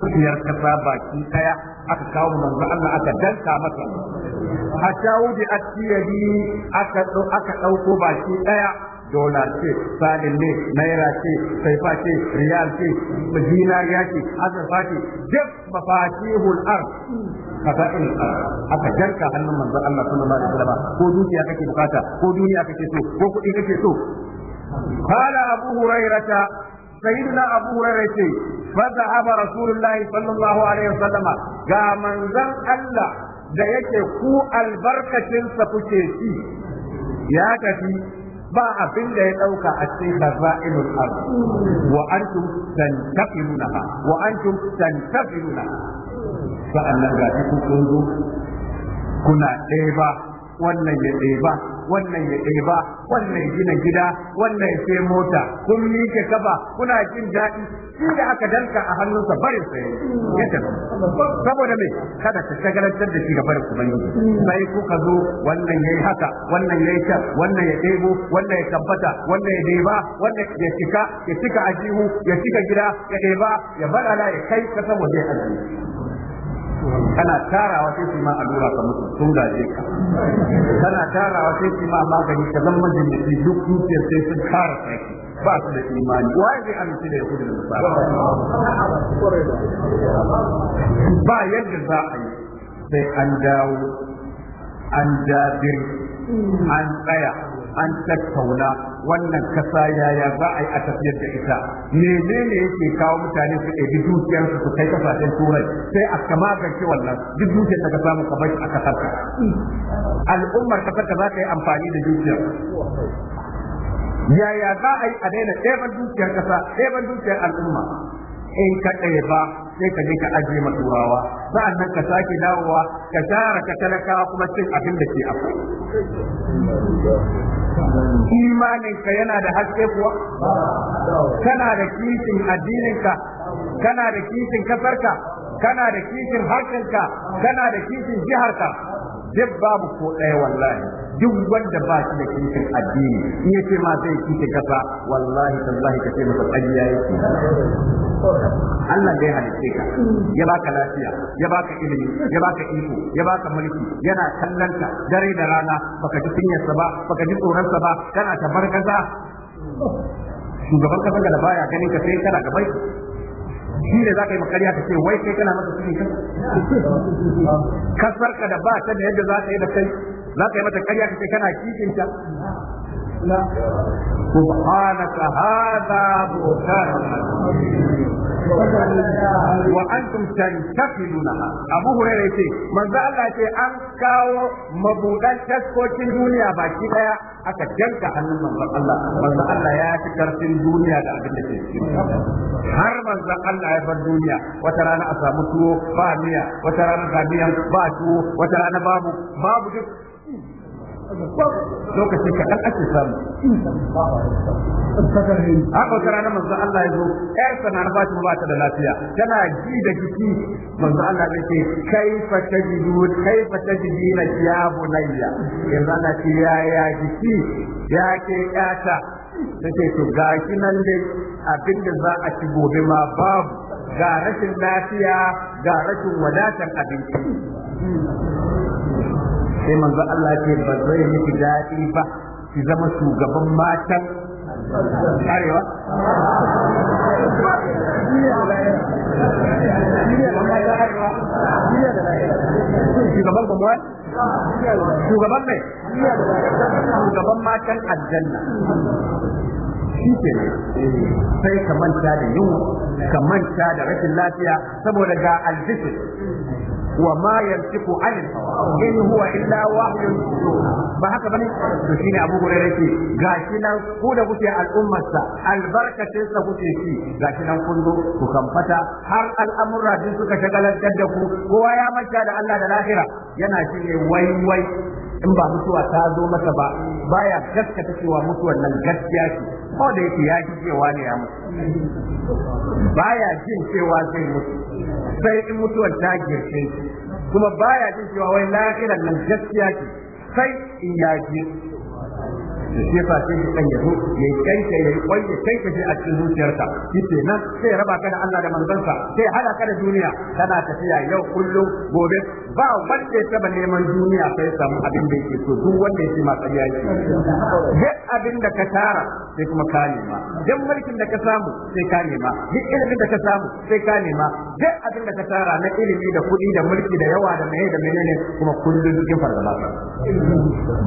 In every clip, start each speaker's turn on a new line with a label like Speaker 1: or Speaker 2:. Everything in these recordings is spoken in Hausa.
Speaker 1: kungiyar kasa baki daya aka kawo manzo Allah aka danka masa hatta wudi atiyadi aka aka dauko baki daya dola ce salin ne naira ce saifa ce riyal ce ya ce azurfa ce duk mafatihul ard kasa'il aka jarka hannun manzo Allah sallallahu alaihi wasallam ko dukiya kake bukata ko duniya kake so ko kudi kake so قال أبو هريرة sayyidina abu hurairah ce fa zahaba rasulullahi sallallahu alaihi wasallam ga manzon Allah da yake ku albarkacinsa kuke ci ya tafi ba abin da ya ɗauka a cikin khaza'inul ard wa antum tantafilunaha wa ku wannan ya ba, wannan ya ɗeba wannan gina gida wannan ya sai mota kun ka kafa kuna jin daɗi shi da aka danka a hannunsa barin sai ya tafi saboda me kada ka shagalantar da shi ga barin ubangiji sai kuka zo wannan yayi haka wannan yi ta wannan ya ɗebo wannan ya tabbata wannan ya ɗeba wannan ya cika ya cika ajihu ya cika gida ya ɗeba ya bar ala ya kai ka saboda ya ajihu kana tarawa sai su ma allura ka mutu sun gaje ka kana tarawa sai su ma magani ka zama majalisi duk dukiyar sai sun fara kai ba su da imani wa zai amince da yahudu da nasara ba yadda za a yi sai an dawo an jabir an tsaya an tattauna wannan kasa yaya za a yi a tafiyar da ita menene yake kawo mutane su ɗebi dukiyarsu su kai kasashen turai sai a kama gance wannan duk dukiyar daga samu ka bar a kasar ka al'ummar kasar ka za ka yi amfani da dukiyar yaya za a yi a daina ɗeban dukiyar kasa ɗeban dukiyar al'umma in ka ɗeba sai ka je ka ajiye ma a nan ka sake dawowa ka tara ka talakawa kuma cin abin da ke afa imanin ka yana da haske kuwa kana da kishin addinin ka kana da kishin kasarka kana da kishin ka kana da kishin jiharka duk babu ko ɗaya wallahi duk wanda ba shi da kishin addini in yace ma zai kishe kasa wallahi tallahi ka ce masa ƙarya yake Allah bai ya ka ya baka lafiya ya baka ilimi ya baka iko ya baka mulki yana kallon ka dare da rana baka ji kunyarsa ba baka ji tsoronsa ba kana tabarkaza shugaban kasa da baya ganin ka sai kana gabai shi ne za ka yi makariya ka ce wai kai kana masa cikin kasar ka da ba ta da yadda za ka yi da kai za ka yi mata karya ka kace kana kikinta لا سبحانك هذا بهتان وانتم تنتقلونها ابو هريره يتي من ذا الله يتي ان كاو مبودان تسكوكين دنيا باكي دايا aka janka hannun manzon Allah manzon Allah ya fi karfin duniya da abin da ke cikin har manzon Allah ya bar duniya wata rana a samu tuwo ba miya wata rana ga miyan ba tuwo wata rana babu babu duk lokaci kaɗan ake samu haka wata rana manzo Allah ya zo ƴar sana na fatima ba ta da lafiya tana ji da jiki manzo Allah ya ce kaifa tajidu kaifa tajidina ya bunayya yanzu Allah ce ya ya jiki ya ke ƴata take to gashi nan dai abinda za a ci gobe ma babu ga rashin lafiya ga rashin wadatar abinci sai manzo Allah ce ba zai miki daɗi ba ki zama shugaban matan arewa shugaban kuma shugaban mai shugaban matan aljanna shi ke sai ka manta da yunwa ka manta da rashin lafiya saboda ga aljishir وما ينطق عن الهوى إن هو إلا وحي ba haka bane to shine Abu Hurairah yake gashi ku da kuke al'ummar sa albarkacin sa kuke ci gashi nan ku kamfata har al'amurra din suka shagalantar da ku kowa ya manta da Allah da lahira yana shi ne wai wai in ba mutuwa ta zo masa ba baya gaskata cewa mutuwar nan gaskiya ce ko da yake ya ji cewa ne ya mutu baya jin cewa zai mutu sai in mutuwar ta girce kuma baya jin cewa wai lahirar nan gaskiya ce sai in ya ji da shi yasa sai kan ya zo ya ya kanka shi a cikin zuciyarka yace nan sai raba ka da Allah da manzansa sai hada ka da duniya kana tafiya yau kullum gobe ba wanda ya ba neman duniya sai samu abin da yake so duk wanda yake ma ƙarya yake duk abin da ka tara sai kuma ka nema duk mulkin da ka samu sai ka nema duk ilimin da ka samu sai ka nema duk abin da ka tara na ilimi da kuɗi da mulki da yawa da meye da menene kuma kullum cikin fargaba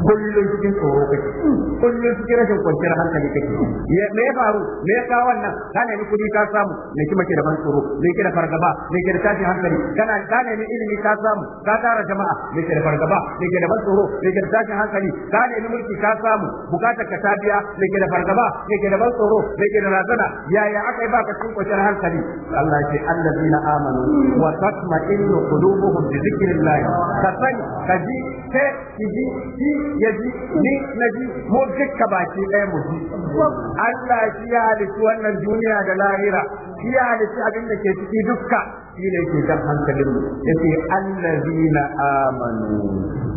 Speaker 1: kullum cikin tsoro kake kullum cikin rashin kwanciyar hankali kake me ya faru me ya kawo wannan ka nemi kudi ka samu me kima ke da ban tsoro me ke da fargaba me ke da tashin hankali kana ka nemi ilimi ka samu ka tara jama'a me ke da fargaba me ke da ban tsoro me ke da tashin hankali ka nemi mulki ka samu bukatar ka ta biya me ke da fargaba me ke da ban tsoro me ke da razana yaya aka yi baka cikin kwanciyar hankali Allah ya ce allazina amanu wa tatma'innu qulubuhum bi zikrillah ka sani ka ji sai ki ji ki ya ji ni na ji mu dukka baki ɗaya mu Allah shi ya halitta wannan duniya da lahira shi ya halitta abin da ke ciki dukka shi ne ke kan hankalin mu yace allazina amanu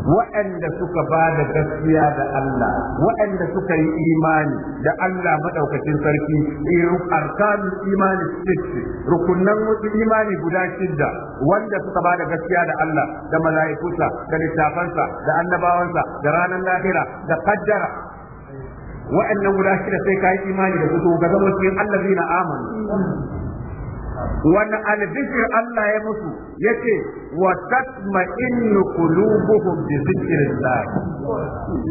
Speaker 1: waɗanda suka ba da gaskiya da Allah waɗanda suka yi imani da Allah madaukakin sarki eh, arkanul imani sitti rukunan wasu imani guda shidda wanda suka ba da gaskiya da Allah da mala'ikunsa da littafansa da annabawansa da ranar lahira da kaddara wa'annan guda shida sai ka yi imani da su ga zama cikin allazina amanu wani albishir Allah ya musu ya ce wa tatma'innu qulubuhum bi zikrillah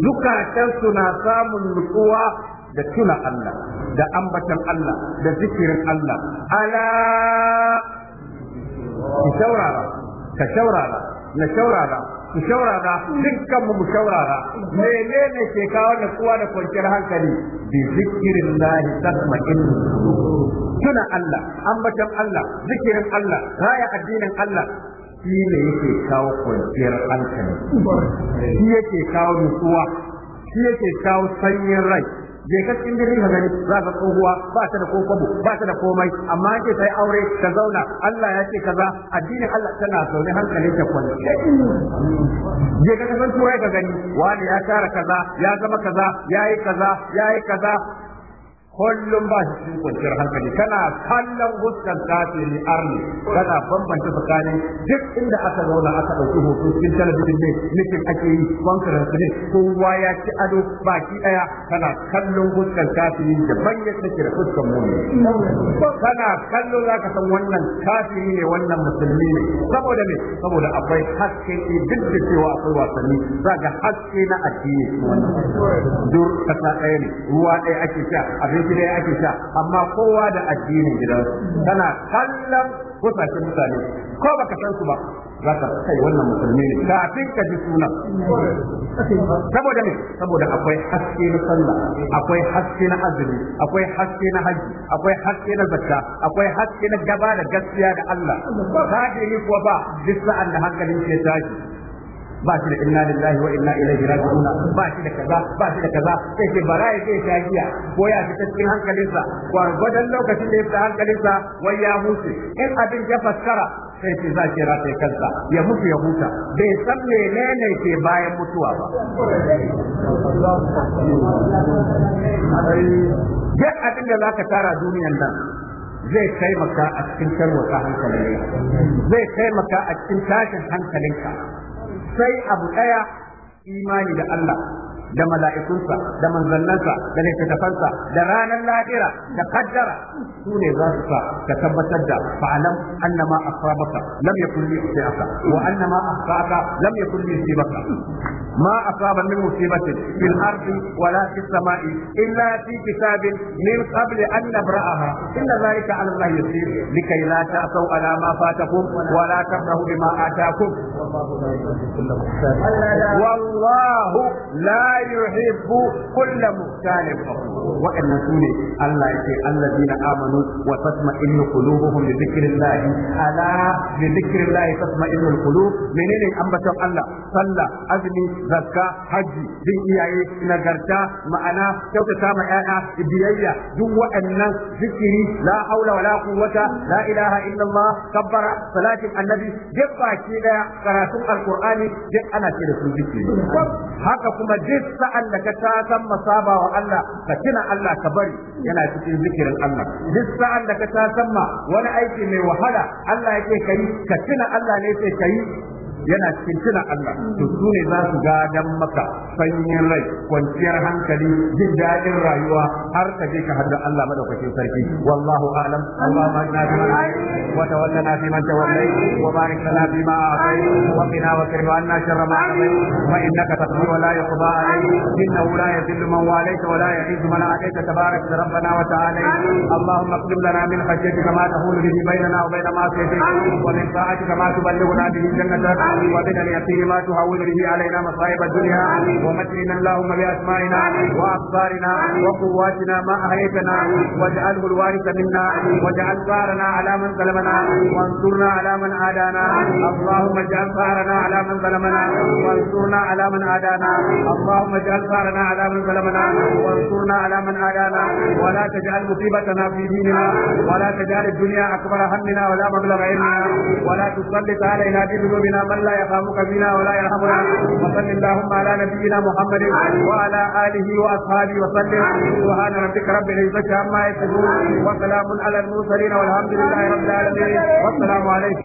Speaker 1: zukatan suna samun nutsuwa da tuna Allah da ambatan Allah da zikirin Allah ala ki shaurara ka shaurara na shaurara mu shaurara dukkan mu mu shaurara menene ke kawo da kuwa da kwanciyar hankali bi zikirin lahi tasma'in tuna Allah ambatan Allah zikirin Allah raya addinin Allah shi ne yake kawo kwanciyar hankali shi yake kawo nutsuwa shi yake kawo sanyin rai je ka cikin birni ka gani za ka tsohuwa ba ta da kokobo ba ta da komai amma yake sai aure ka zauna Allah ya ce kaza addinin Allah tana zaune hankali ta kwance je ka san turai ka gani wani ya tara kaza ya zama kaza yayi kaza yayi kaza kullum ba shi cikin kwanciyar hankali kana kallon huskan kafiri arni kana bambanta tsakanin duk inda aka zauna aka ɗauki hoto cikin talabijin ne nufin ake yi wankan su ne kowa ya ci ado baki ɗaya kana kallon huskan kafiri da bayyana take da huskan mu kana kallon ka san wannan kafiri ne wannan musulmi ne saboda me saboda akwai haske eh, duk da cewa akwai wasanni zaka haske na addini dur kasa ɗaya ne ruwa ɗaya ake sha abin gida ake sha amma kowa da addinin gidansu kana kallon kusashen mutane ko baka san su ba za ka kai wannan musulmi ne kafin ka ji sunan saboda me saboda akwai haske na sallah akwai haske na azumi akwai haske na haji akwai haske na zakka akwai haske na gaba da gaskiya da Allah kafiri kuwa ba bisa sa'an da hankalin ke tashi ba shi da inna lillahi wa inna ilaihi raji'un ba shi da kaza ba shi da kaza sai ce bara ya ce shakiya ko ya fita cikin hankalinsa gwargwadon lokacin da ya fita hankalinsa wai ya huce in abin ya fassara sai ce za ki rataye kansa ya mutu ya huta bai san menene ke bayan mutuwa ba duk abin da za ka tara duniyan nan zai taimaka a cikin tarwata hankalinka zai taimaka a cikin tashin hankalinka sai abu ɗaya imani da Allah da mala'ikunsa da manzannansa da littattafansa da ranar lahira da kaddara su ne za su sa ka tabbatar da fa'alam annama asabaka lam yakun li yusibaka wa annama asaka lam yakun li yusibaka ma asaba min musibatin fil ardi wala fis samai illa fi kitabin min qabl an nabra'aha inna dhalika 'ala Allah yasir likay la ta'sau 'ala ma fatakum wa la tafrahu bima atakum والله لا يحب كل مختال فخور سوني الله يكي الذين امنوا وتطمئن قلوبهم بذكر الله الله تطمئن القلوب منين الله صلى azumi zakka hajji bin iyaye nagarta ma'ana kyautata ma ƴaƴa biyayya duk waɗannan zikiri la haula wala quwwata la ilaha illallah kabbara baki daya karatun alqur'ani duk ana ce da su zikiri haka kuma duk sa'an da ka ta san masaba wa Allah ka tuna Allah ka bari yana cikin zikirin Allah duk sa'an da ka ta san ma wani aiki mai wahala Allah yake kai ka tuna Allah ne sai kai yana cikin tuna Allah to su ne za su gadan maka sanyin rai kwanciyar hankali jin daɗin rayuwa har ka je ka hadda Allah madaukakin sarki wallahu a'lam wa tawallana man wa barik lana ma a'tayt wa qina wa anna sharra ma innaka wa la yuqda la yadhillu man wa la man tabarak rabbana wa ta'ala وبنا اليقين ما تهون به علينا مصائب الدنيا ومتعنا اللهم بأسمائنا وأبصارنا وقواتنا ما اهيتنا واجعله الوارث منا واجعل ثارنا على من ظلمنا وانصرنا على من عادانا اللهم اجعل ثارنا على من ظلمنا وانصرنا على من عادانا اللهم اجعل ثارنا على من ظلمنا وانصرنا على من عادانا ولا تجعل مصيبتنا في ديننا ولا تجعل الدنيا أكبر همنا ولا مبلغ علمنا ولا تسلط علينا بذنوبنا من لا يخافك بنا ولا يرحمنا وصل اللهم على نبينا محمد وعلى آله وأصحابه وسلم سبحان ربك رب العزة عما يصفون وسلام على المرسلين والحمد لله رب العالمين والسلام عليكم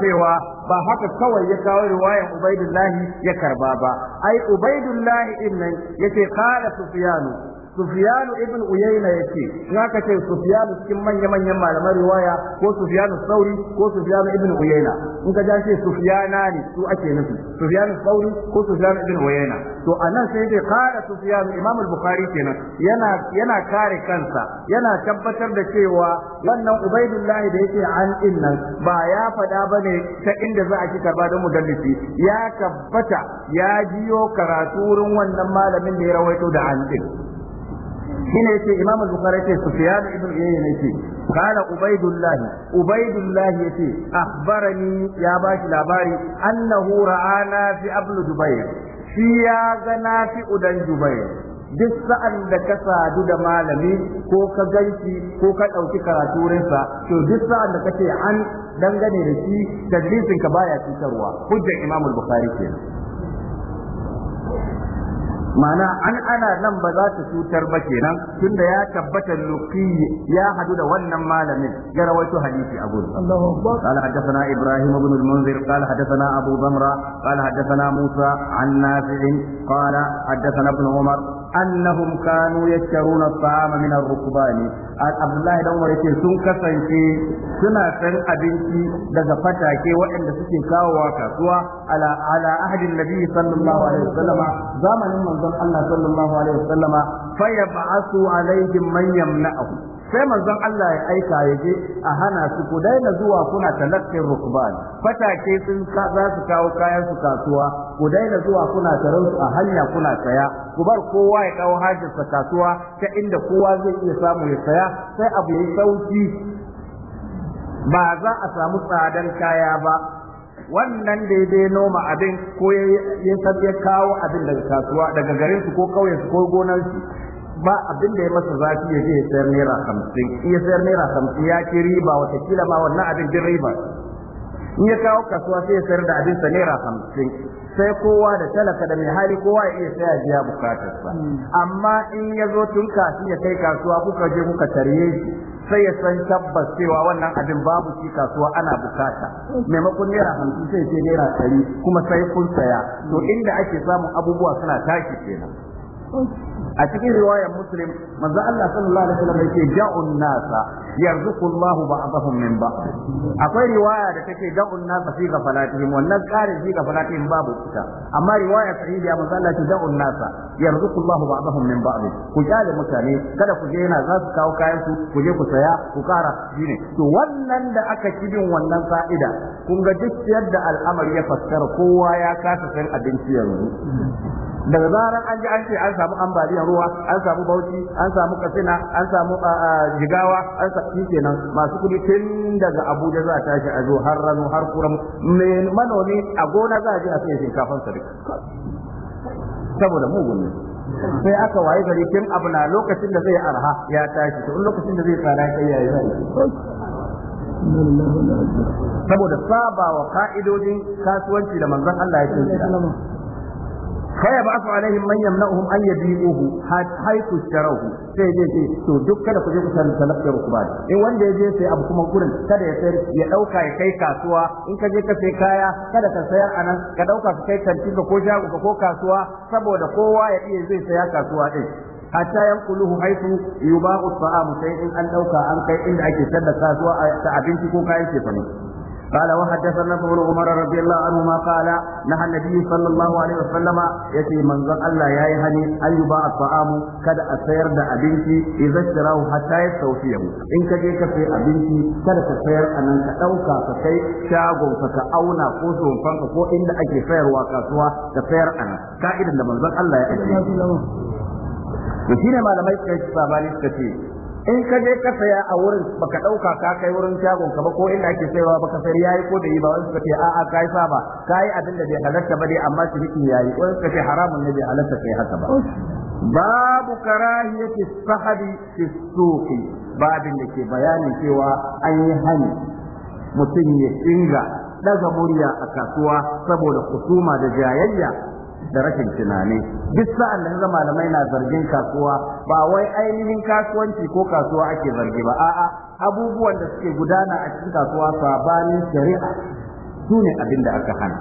Speaker 1: cewa ba haka kawai ya kawo riwayar Ubaidullahi ya karba ba ai Ubaidullahi din nan yace qala Sufyanu Sufiyanu ibn Uyayna yace in aka ce Sufiyanu cikin manya-manyan malaman riwaya ko Sufiyanu Sauri ko Sufiyanu ibn Uyayna in ka ce Sufiyana ne su ake nufi Sufiyanu Sauri ko Sufiyanu ibn Uyayna to anan sai dai kara Sufiyanu Imamul al-Bukhari kenan yana yana kare kansa yana tabbatar da cewa wannan Ubaidullahi da yake an nan ba ya fada bane ta inda za a ki karba don mudallisi ya tabbata ya jiyo karatu wurin wannan malamin da ya rawaito da an din shine yace imamu bukhari yace sufyan ibn uyayna yace qala ubaidullah ubaidullah yace akhbarani ya bashi labari annahu ra'ana fi abl dubayr shi ya ga nafi udan dubayr duk sa'an da ka sadu da malami ko ka ganci ko ka ɗauki karatu karaturinsa to duk sa'an da ka ce an dangane da shi tadlisin ka baya cutarwa hujjar imamul bukhari kenan ma'ana an ana nan ba za ta cutar ba kenan tunda ya tabbata luqi ya hadu da wannan malamin ya rawaito hadisi a gurin Allahu akbar qala hadathana ibrahim ibn al-munzir qala hadathana abu zamra qala hadathana musa an nafi' qala hadathana ibn umar annahum kanu yashtaruna at-ta'ama min ar-rukban Abdullahi dan wani ce sun kasance suna san abinci daga fatake waɗanda suke kawo wa kasuwa ala ala ahdin nabi sallallahu alaihi wasallama zamanin manzon Allah sallallahu alaihi wasallama fa yab'asu alaihim man yamna'u sai manzon Allah ya aika ya je a hana su ku daina zuwa kuna talaqqin rukban fatake sun za su kawo kayan su kasuwa ku daina zuwa kuna taron su a hanya kuna saya ku bar kowa ya kawo sa kasuwa ta inda kowa zai iya samu ya saya sai abu ya sauki ba za a samu tsadan kaya ba wannan daidai noma abin ko ya kawo abin daga kasuwa daga garin su ko kauyen su ko gonar su ba abin da ya masa zafi ya je ya sayar naira hamsin iya sayar naira hamsin ya ci riba watakila ma wannan abin din riba in ya kawo kasuwa sai ya sayar da abin sa naira hamsin sai kowa da talaka da mai hali kowa ya iya saya biya sa amma in ya zo tun kafin ya kai kasuwa kuka je kuka tarye shi sai ya san tabbas cewa wannan abin babu shi kasuwa ana bukata maimakon naira hamsin sai ce naira ɗari kuma sai kun saya to inda ake samun abubuwa suna tashi kenan a cikin riwayar muslim manzo Allah sallallahu alaihi wasallam yake ja'un nasa yarzuqu Allahu ba'dahum min ba'd akwai riwaya da take da'un nas fi ghafalatihim wannan qarin fi ghafalatihim babu ita amma riwaya sahiha manzo Allah ce da'un nas yarzuqu Allahu ba'dahum min ba'd ku jale mutane kada ku je na za su kawo kayan ku je ku saya ku kara shine to wannan da aka kibin wannan fa'ida kun ga duk yadda al'amari ya fassara kowa ya kasa san abinci yanzu daga zarar an ji an ce an samu ambaliyar ruwa an samu bauchi an samu katsina an samu jigawa shikenan masu kudi tun daga Abuja za a tashi a zo har rano har kuram manoni manomi a gona za a je a sai shinkafan sa saboda mugun ne sai aka waye gari tun abu na lokacin da zai arha ya tashi to lokacin da zai tsara kai yayi zai saboda saba wa ka'idojin kasuwanci da manzon Allah ya ce فيبعث عليهم من يمنعهم أن يبيعوه حيث اشتروه sai je ce to duk kada ku je ku talabta rukuba in wanda ya je sai abu kuma gurin kada ya sayar ya dauka ya kai kasuwa in ka je ka sai kaya kada ka a anan ka dauka ka kai kantin ko shago ka ko kasuwa saboda kowa ya iya zai saya kasuwa din hatta yanquluhu haythu yuba'u at-ta'am sai in an dauka an kai inda ake sadda kasuwa ta abinci ko kayan cefane قال وحدثنا ابن عمر رضي الله عنهما قال نهى النبي صلى الله عليه وسلم يتي من ذا الله يا يهني أن يباع الطعام كذا أسير دا أبنتي إذا اشتراه حتى يستوفيه إن كجيك في أبنتي كذا تسير أن أنت أوكا فكي شاغو فكأونا قوسو فانك فو إن أجي فير وكاسوا تسير أنا كائدا من ذا الله يا يهني وشين ما لم يتكي in ka je ka saya a wurin baka dauka ka kai wurin shagon ka ba ko inda ake sayawa baka sayar yayi ko da yi ba wani suka ce a'a kai saba kai abin da bai halatta ba dai amma shi yake yayi wani suka ce haramun ne bai halatta kai haka ba babu karahiyati sahabi fi suqi babin da ke bayanin cewa an yi hani mutum ya dinga daga murya a kasuwa saboda kusuma da jayayya da rashin tunani duk sa'an da ga malamai na zargin kasuwa ba wai ainihin kasuwanci ko kasuwa ake zargi ba a'a abubuwan da suke gudana a cikin kasuwa sabanin shari'a su ne abin da aka hana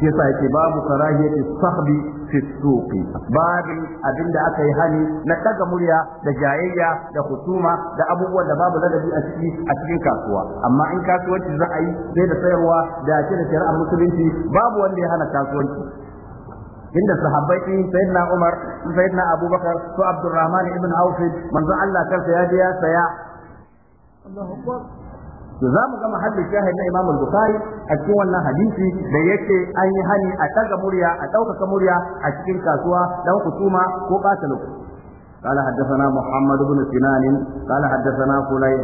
Speaker 1: yasa yake babu karahiyatu sahbi fi suqi babu abin da aka yi hani na daga murya da jayayya da hutuma da abubuwan da babu ladabi a ciki a cikin kasuwa amma in kasuwanci za a yi sai da sayarwa da ake da shari'ar musulunci babu wanda ya hana kasuwanci inda sahabbai din sayyidina Umar sayyidina Abubakar su Abdurrahman ibn Auf manzon Allah kansa ya je ya saya Allahu Akbar to za mu ga mahallin shahid na Imam Bukhari a cikin wannan hadisi da yake an yi hani a taga murya a ɗaukaka murya a cikin kasuwa dan kusuma ko ɓata lokaci قال حدثنا محمد بن سنان قال حدثنا فليح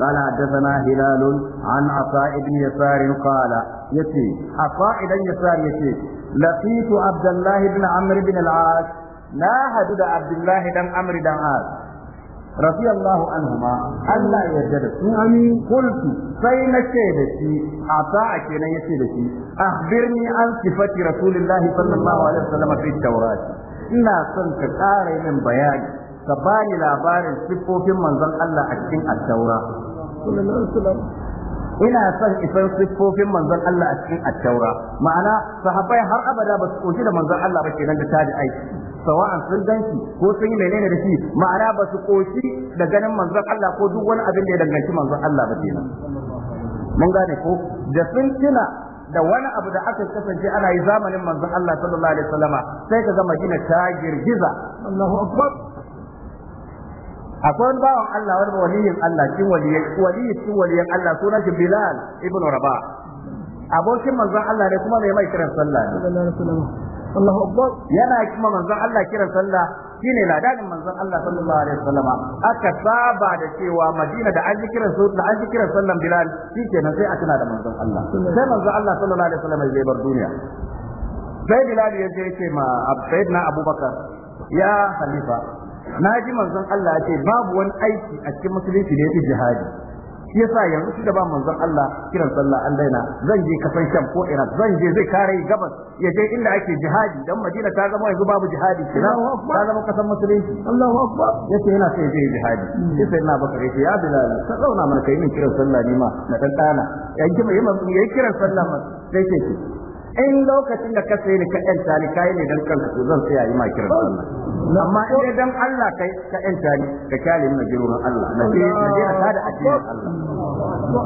Speaker 1: قال حدثنا هلال عن عطاء بن يسار قال يتي عطاء بن يسار يتي laqitu abdullahi ibn amr ibn al-as na hadu da abdullahi dan amr dan as رضي الله عنهما ألا يجد أمين قلت فين شهدتي أعطاك أن يشهدتي أخبرني عن صفة رسول الله صلى الله عليه وسلم في التوراة إنا صنك قاري من بياني فباني لاباري صفوف من ظل الله أكين التوراة صلى الله عليه وسلم ina son isan siffofin manzon Allah a cikin attaura ma'ana sahabbai har abada ba su koshi da manzon Allah ba kenan da tabi aiki sawa'an sun ganci ko sun yi menene da shi ma'ana ba su koshi da ganin manzon Allah ko duk wani abin da ya danganci manzon Allah ba kenan mun gane ko da sun tuna da wani abu da aka kasance ana yi zamanin manzon Allah sallallahu alaihi wasallama sai ka ga Madina ta girgiza Allahu akbar akwai wani bawan Allah wani waliyin Allah cikin waliyin waliyin cikin waliyin Allah suna shi Bilal ibn Rabah abokin manzon Allah ne kuma mai mai kiran sallah ne Allahu Akbar yana kuma manzon Allah kiran sallah shine ladanin manzon Allah sallallahu alaihi wasallam aka saba da cewa Madina da an ji kiran sallah da an ji kiran sallan Bilal shikenan sai a tuna da manzon Allah sai manzon Allah sallallahu alaihi wasallam zai bar duniya sai Bilal ya je ya ce ma Abu Bakar ya Khalifa na ji manzon Allah ya ce babu wani aiki a cikin musulunci da yafi jihadi shi yasa yanzu shi da ba manzon Allah kiran sallah an daina zan je kasan sham ko iraq zan je zai kare gabas ya je inda ake jihadi dan madina ta zama yanzu babu jihadi kina ta zama kasan musulunci Allahu akbar yace yana sai je jihadi sai hmm. sai na bakare shi ya bilal ka zauna mana kai min kiran sallah ni ma na dan dana yayin yi kiran sallah ma sai ce in lokacin da ka sayi ni ka yanta ni kai ne dan kanka to zan tsaya yi ma kira Allah amma in dai dan Allah kai ka yanta ni ka kyale ni girman Allah na je na je a tada addinin Allah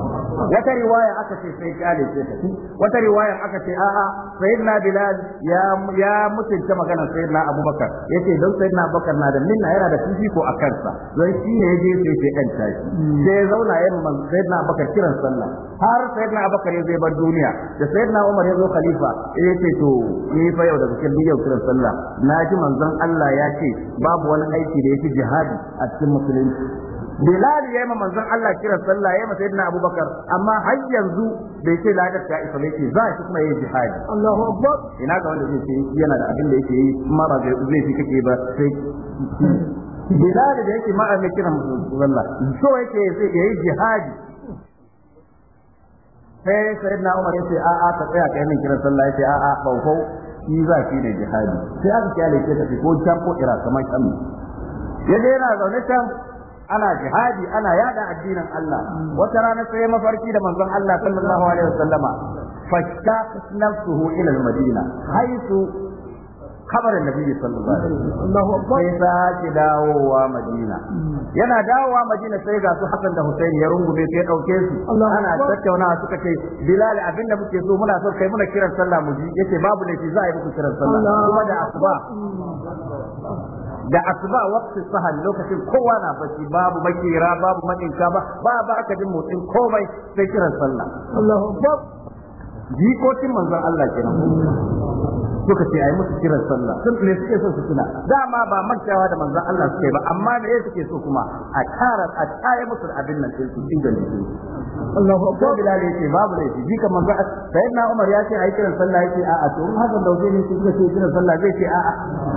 Speaker 1: wata riwaya aka ce sai kyale ce ta wata riwaya aka ce a'a sayyidina Bilal ya ya mutunta maganar sayyidina Abubakar yace dan sayyidina Abubakar na da minna yana da ko a kansa don shi ne ya je sai ke yanta shi sai zauna yamma sayyidina Abubakar kiran sallah har sayyidina Abubakar ya zo bar duniya da sayyidina Umar ya zo khalifa E eh ce to ni fa yau daga cikin yau kiran sallah na ji manzon Allah ya ce babu wani aiki da yake jihadi a cikin musulunci Bilal ya yi ma manzon Allah kiran sallah ya yi ma sayyidina Abubakar amma har yanzu bai ce la ta isa bai ce za shi kuma yayi jihadi Allahu Akbar ina ga wanda zai ce yana da abin da yake yi kuma ba zai fi kake ba sai Bilal da yake ma'a mai kiran Allah so yake zai yayi jihadi sai na Umar yace a a ka tsaya kai min kiran sallah yace a a kaukau ni za shi ne jihadi sai aka kyale ke tafi ko can ko ira kamar kan yaje yana zaune can ana jihadi ana yada addinin Allah wata rana sai mafarki da manzon Allah sallallahu alaihi wasallama fashta nafsuhu ila al-madina haythu kabarin nabi sallallahu alaihi wasallam sai sake dawowa madina hmm. yana dawowa madina sai ga su hasan da husaini ya rungume sai dauke su ana tattaunawa suka ce bilal abin da muke so muna so kai muna kiran sallah mu ji yace babu ne za a yi muku kiran sallah kuma da asuba da asuba waqti sahal lokacin kowa na bacci babu makira babu madinka ba ba ba aka jin motsin komai sai kiran sallah Allahu akbar jikokin manzon Allah kenan hmm. suka ce ayi musu kiran sallah sun ne suke so su tuna dama ba mantawa da manzon Allah suke ba amma me yake suke so kuma a kara a tsaye musu abin nan din su ingan su Allahu akbar bilal yace babu ne ji kan manzon Umar ya ce a yi kiran sallah yace a a to in hakan da wajen ne suka ce kiran sallah zai ce a a